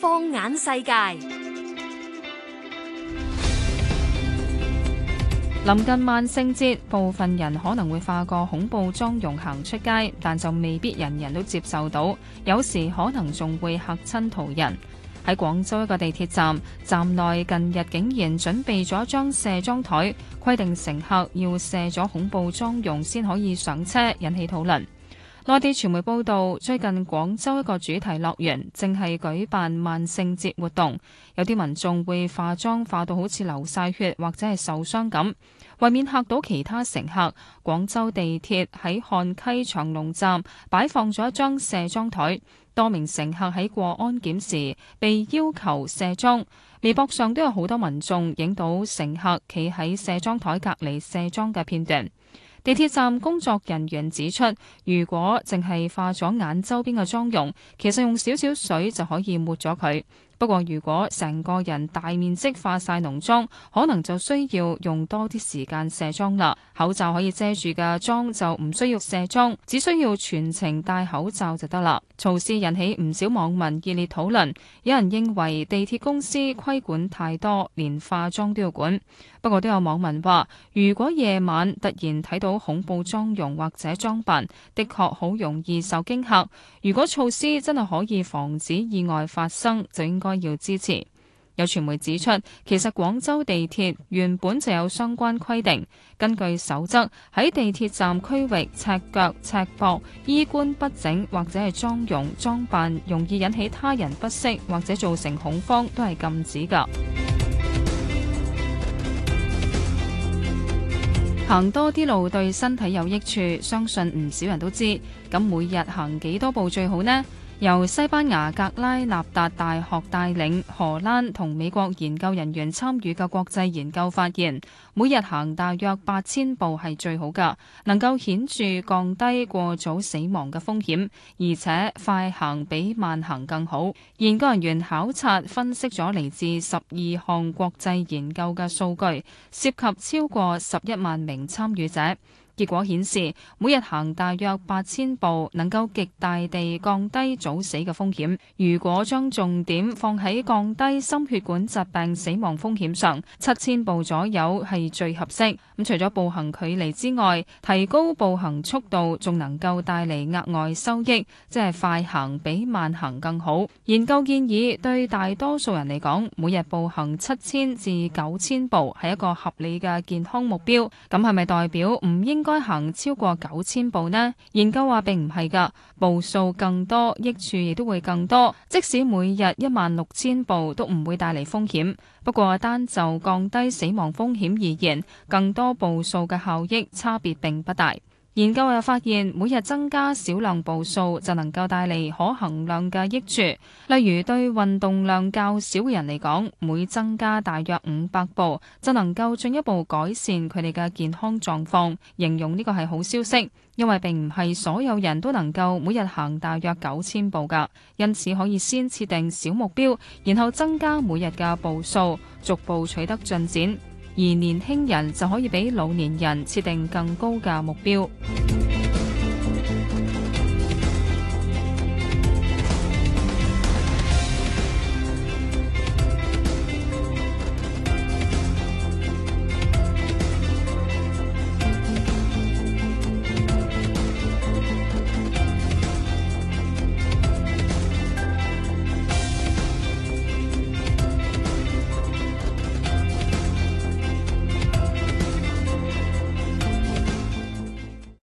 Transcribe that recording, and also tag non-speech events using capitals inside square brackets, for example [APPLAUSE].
放眼世界，臨近萬聖節，部分人可能會化個恐怖妝容行出街，但就未必人人都接受到。有時可能仲會吓親途人。喺廣州一個地鐵站，站內近日竟然準備咗一張卸妝枱，規定乘客要卸咗恐怖妝容先可以上車，引起討論。內地傳媒報道，最近廣州一個主題樂園正係舉辦萬聖節活動，有啲民眾會化妝化到好似流晒血或者係受傷咁，為免嚇到其他乘客，廣州地鐵喺漢溪長隆站擺放咗一張卸妝枱，多名乘客喺過安檢時被要求卸妝。微博上都有好多民眾影到乘客企喺卸妝枱隔離卸妝嘅片段。地鐵站工作人員指出，如果淨係化咗眼周邊嘅妝容，其實用少少水就可以抹咗佢。不過如果成個人大面積化晒濃妝，可能就需要用多啲時間卸妝啦。口罩可以遮住嘅妝就唔需要卸妝，只需要全程戴口罩就得啦。措施引起唔少網民熱烈討論，有人認為地鐵公司規管太多，連化妝都要管。不過都有網民話，如果夜晚突然睇到恐怖妝容或者裝扮，的確好容易受驚嚇。如果措施真係可以防止意外發生，就應該。需要支持。有傳媒指出，其實廣州地鐵原本就有相關規定，根據守則，喺地鐵站區域，赤腳、赤膊、衣冠不整或者係妝容裝扮，容易引起他人不適或者造成恐慌，都係禁止噶。 [MUSIC] 行多啲路對身體有益處，相信唔少人都知。咁每日行幾多步最好呢？由西班牙格拉納達大學帶領，荷蘭同美國研究人員參與嘅國際研究發現，每日行大約八千步係最好嘅，能夠顯著降低過早死亡嘅風險，而且快行比慢行更好。研究人員考察分析咗嚟自十二項國際研究嘅數據，涉及超過十一萬名參與者。結果顯示，每日行大約八千步能夠極大地降低早死嘅風險。如果將重點放喺降低心血管疾病死亡風險上，七千步左右係最合適。咁除咗步行距離之外，提高步行速度仲能夠帶嚟額外收益，即係快行比慢行更好。研究建議對大多數人嚟講，每日步行七千至九千步係一個合理嘅健康目標。咁係咪代表唔應該？該行超過九千步呢？研究話並唔係噶，步數更多，益處亦都會更多。即使每日一萬六千步都唔會帶嚟風險。不過單就降低死亡風險而言，更多步數嘅效益差別並不大。研究又發現，每日增加少量步數，就能夠帶嚟可衡量嘅益處。例如，對運動量較少嘅人嚟講，每增加大約五百步，就能夠進一步改善佢哋嘅健康狀況。形容呢個係好消息，因為並唔係所有人都能夠每日行大約九千步㗎。因此，可以先設定小目標，然後增加每日嘅步數，逐步取得進展。而年輕人就可以比老年人設定更高嘅目標。